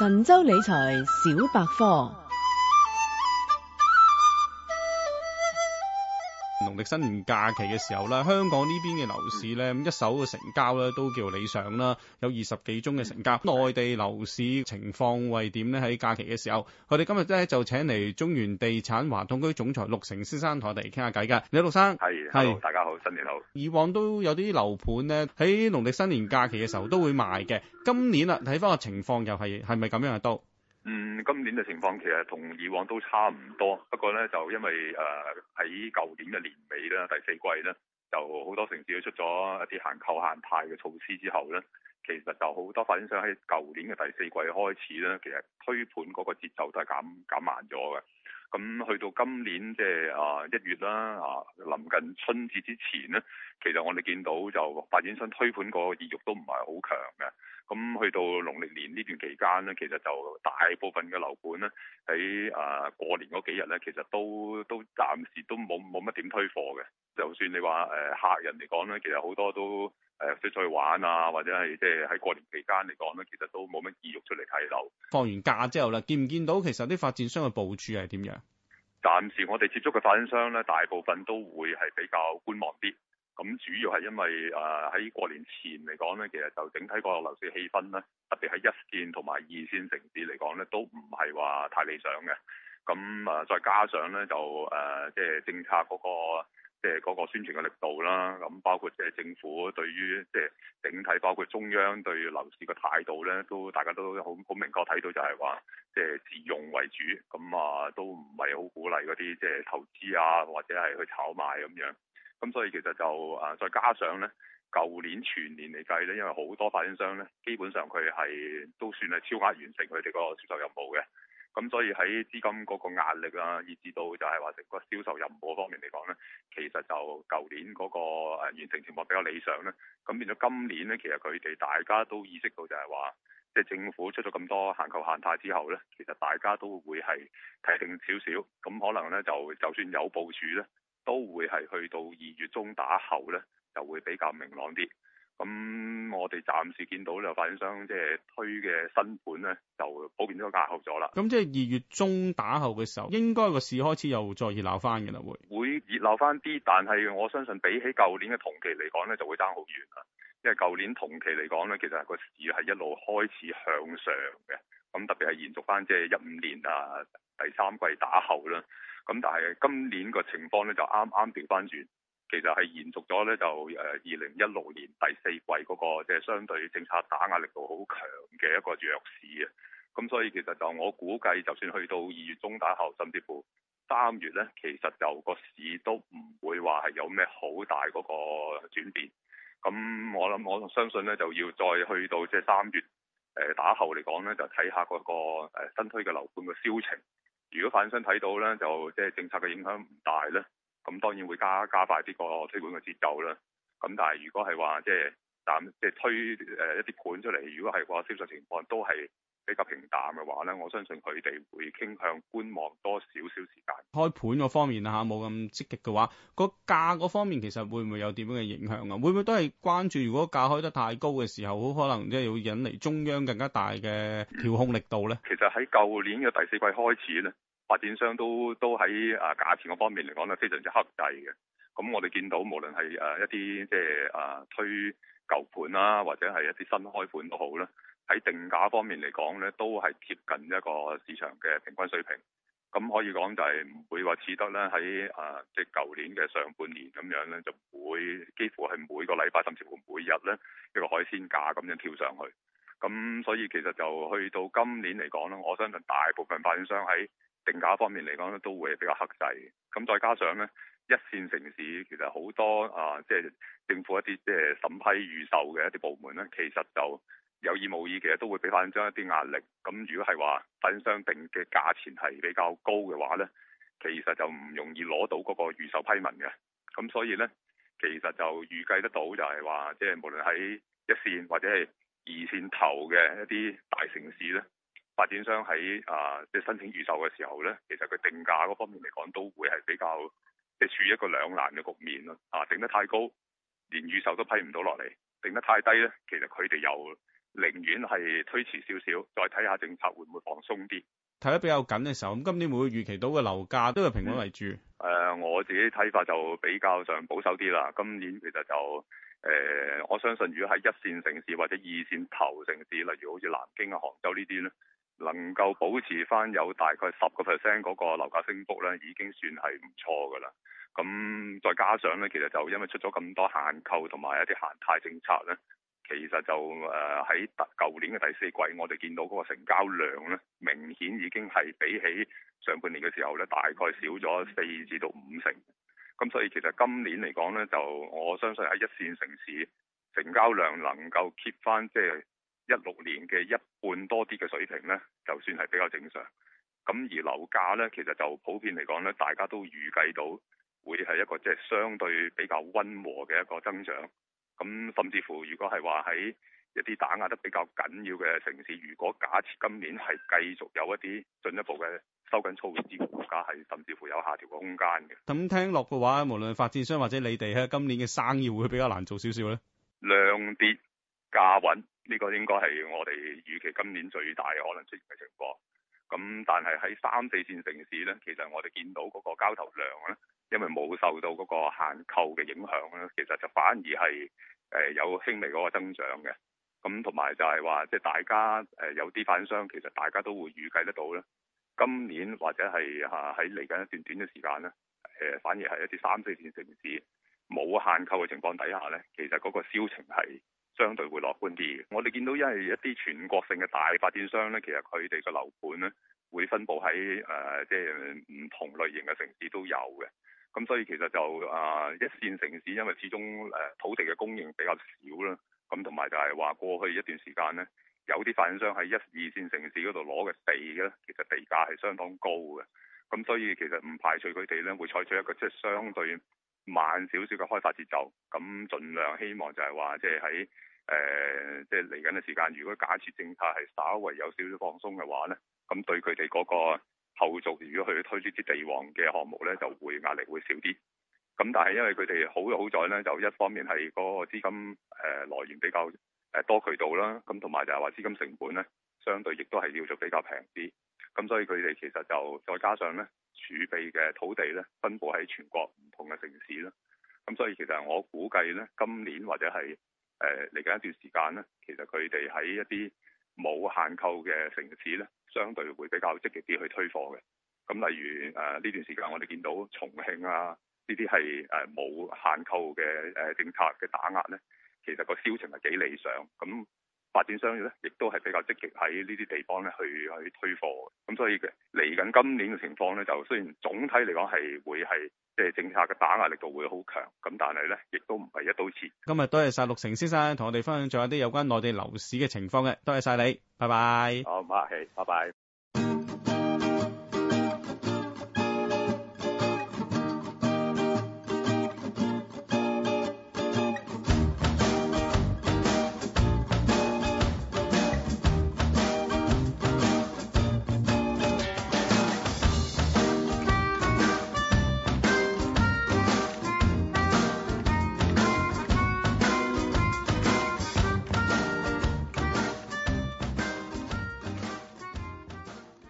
神州理財小百科。新年假期嘅時候咧，香港呢邊嘅樓市咧，一手嘅成交咧都叫理想啦，有二十幾宗嘅成交。內地樓市情況為點咧？喺假期嘅時候，我哋今日咧就請嚟中原地產華東區總裁陸成先生同我哋傾下偈。噶，你好，陸生，係，Hello 大家好，新年好。以往都有啲樓盤呢，喺農曆新年假期嘅時候都會賣嘅，今年啦睇翻個情況又係係咪咁樣啊？都。嗯，今年嘅情況其實同以往都差唔多，不過呢，就因為誒喺舊年嘅年尾啦，第四季呢，就好多城市都出咗一啲限購限貸嘅措施之後呢，其實就好多發展商喺舊年嘅第四季開始呢，其實推盤嗰個節奏都係減減慢咗嘅。咁去到今年即係啊一月啦，啊、呃、臨近春節之前呢，其實我哋見到就發展商推盤嗰個意欲都唔係好強嘅。咁去到農曆年呢段期間咧，其實就大部分嘅樓盤咧，喺啊過年嗰幾日咧，其實都都暫時都冇冇乜點推貨嘅。就算你話誒客人嚟講咧，其實好多都誒出咗去玩啊，或者係即係喺過年期間嚟講咧，其實都冇乜意欲出嚟睇樓。放完假之後喇，見唔見到其實啲發展商嘅部署係點樣？暫時我哋接觸嘅發展商咧，大部分都會係比較觀望啲。咁主要係因為誒喺、呃、過年前嚟講咧，其實就整體個樓市氣氛咧，特別喺一線同埋二線城市嚟講咧，都唔係話太理想嘅。咁啊，再加上咧就誒，即、呃、係、就是、政策嗰、那個，即係嗰個宣傳嘅力度啦。咁包括即係政府對於即係整體，包括中央對樓市嘅態度咧，都大家都好好明確睇到就，就係話即係自用為主。咁啊，都唔係好鼓勵嗰啲即係投資啊，或者係去炒賣咁樣。咁所以其實就誒，再加上咧，舊年全年嚟計咧，因為好多發展商咧，基本上佢係都算係超額完成佢哋個銷售任務嘅。咁所以喺資金嗰個壓力啊，以至到就係話成個銷售任務方面嚟講咧，其實就舊年嗰個誒完成情況比較理想呢。咁變咗今年咧，其實佢哋大家都意識到就係話，即係政府出咗咁多限購限貸之後咧，其實大家都會係提醒少少，咁可能咧就就算有部署咧。都會係去到二月中打後呢，就會比較明朗啲。咁我哋暫時見到呢，發展商即係推嘅新盤呢，就普遍都加價咗啦。咁即係二月中打後嘅時候，應該個市開始又再熱鬧翻嘅啦，會會熱鬧翻啲。但係我相信比起舊年嘅同期嚟講呢，就會爭好遠啦，因為舊年同期嚟講呢，其實個市係一路開始向上嘅。咁特別係延續翻即係一五年啊，第三季打後啦。咁但係今年個情況咧就啱啱調翻轉，其實係延續咗咧就誒二零一六年第四季嗰個即係相對政策打壓力度好強嘅一個弱市啊！咁所以其實就我估計，就算去到二月中打後，甚至乎三月咧，其實就個市都唔會話係有咩好大嗰個轉變。咁我諗我相信咧，就要再去到即係三月誒打後嚟講咧，就睇下嗰個誒新推嘅樓盤嘅銷情。如果反身睇到咧，就即係政策嘅影響唔大咧，咁當然會加加快啲個推盤嘅節奏啦。咁但係如果係話，即係攬即係推誒一啲盤出嚟，如果係話銷售情況都係。比較平淡嘅話咧，我相信佢哋會傾向觀望多少少時間。開盤嗰方面啊嚇冇咁積極嘅話，個價嗰方面其實會唔會有點樣嘅影響啊？會唔會都係關注？如果價開得太高嘅時候，好可能即係會引嚟中央更加大嘅調控力度呢？其實喺舊年嘅第四季開始呢，發展商都都喺啊價錢嗰方面嚟講咧，非常之克制嘅。咁我哋見到無論係誒一啲即係啊推舊盤啦，或者係一啲新開盤都好啦。喺定價方面嚟講咧，都係接近一個市場嘅平均水平。咁可以講就係唔會話似得咧，喺誒即係舊年嘅上半年咁樣咧，就會幾乎係每個禮拜甚至乎每日咧一個海鮮價咁樣跳上去。咁所以其實就去到今年嚟講咯，我相信大部分發展商喺定價方面嚟講咧，都會比較克制。咁再加上咧，一線城市其實好多啊，即係政府一啲即係審批預售嘅一啲部門咧，其實就～有意冇意嘅，其實都會俾發展商一啲壓力。咁如果係話發展商定嘅價錢係比較高嘅話呢，其實就唔容易攞到嗰個預售批文嘅。咁所以呢，其實就預計得到就係話，即係無論喺一線或者係二線頭嘅一啲大城市呢，發展商喺，啊即係申請預售嘅時候呢，其實佢定價嗰方面嚟講都會係比較即係處於一個兩難嘅局面咯。啊，定得太高，連預售都批唔到落嚟；定得太低呢其實佢哋又寧願係推遲少少，再睇下政策會唔會放鬆啲。睇得比較緊嘅時候，咁今年會預期到嘅樓價都係平穩為主。誒、嗯呃，我自己睇法就比較上保守啲啦。今年其實就誒、呃，我相信如果喺一線城市或者二線頭城市，例如好似南京啊、杭州呢啲咧，能夠保持翻有大概十個 percent 嗰個樓價升幅咧，已經算係唔錯噶啦。咁再加上咧，其實就因為出咗咁多限購同埋一啲限貸政策咧。就誒喺舊年嘅第四季，我哋見到嗰個成交量咧，明顯已經係比起上半年嘅時候咧，大概少咗四至到五成。咁所以其實今年嚟講咧，就我相信喺一線城市成交量能夠 keep 翻即係一六年嘅一半多啲嘅水平咧，就算係比較正常。咁而樓價咧，其實就普遍嚟講咧，大家都預計到會係一個即係相對比較温和嘅一個增長。咁甚至乎，如果係話喺一啲打壓得比較緊要嘅城市，如果假設今年係繼續有一啲進一步嘅收緊措施，價係甚至乎有下調嘅空間嘅。咁聽落嘅話，無論發展商或者你哋喺今年嘅生意會比較難做少少咧。量跌價穩呢個應該係我哋預期今年最大可能出現嘅情況。咁但係喺三四線城市咧，其實我哋見到嗰個交投量咧。因為冇受到嗰個限購嘅影響咧，其實就反而係誒有輕微嗰個增長嘅。咁同埋就係話，即係大家誒有啲反商，其實大家都會預計得到咧，今年或者係嚇喺嚟緊一段短嘅時間咧，誒反而係一啲三四線城市冇限購嘅情況底下咧，其實嗰個銷情係相對會樂觀啲。我哋見到因為一啲全國性嘅大發展商咧，其實佢哋嘅樓盤咧會分布喺誒即係唔同類型嘅城市都有嘅。咁所以其實就啊，一線城市因為始終誒土地嘅供應比較少啦，咁同埋就係話過去一段時間呢，有啲發展商喺一、二線城市嗰度攞嘅地咧，其實地價係相當高嘅。咁所以其實唔排除佢哋呢會採取一個即係、就是、相對慢少少嘅開發節奏，咁盡量希望就係話即係喺誒即係嚟緊嘅時間，如果假設政策係稍微有少少放鬆嘅話呢咁對佢哋嗰個，個。後續如果佢推呢啲地王嘅項目呢，就會壓力會少啲。咁但係因為佢哋好就好在呢，就一方面係嗰個資金誒來源比較多渠道啦，咁同埋就係話資金成本呢，相對亦都係叫做比較平啲。咁所以佢哋其實就再加上呢儲備嘅土地呢，分佈喺全國唔同嘅城市啦。咁所以其實我估計呢，今年或者係誒嚟緊一段時間呢，其實佢哋喺一啲冇限購嘅城市呢。相對會比較積極啲去推貨嘅。咁例如、呃、呢段時間，我哋見到重慶啊呢啲係冇限購嘅、呃、政策嘅打壓咧，其實個銷情係幾理想咁。發展商咧，亦都係比較積極喺呢啲地方咧去去推貨，咁所以嚟緊今年嘅情況咧，就雖然總體嚟講係會係即係政策嘅打壓力度會好強，咁但係咧，亦都唔係一刀切。今日多謝晒陸成先生同我哋分享咗一啲有關內地樓市嘅情況嘅，多謝晒你，拜拜。好，唔客氣，拜拜。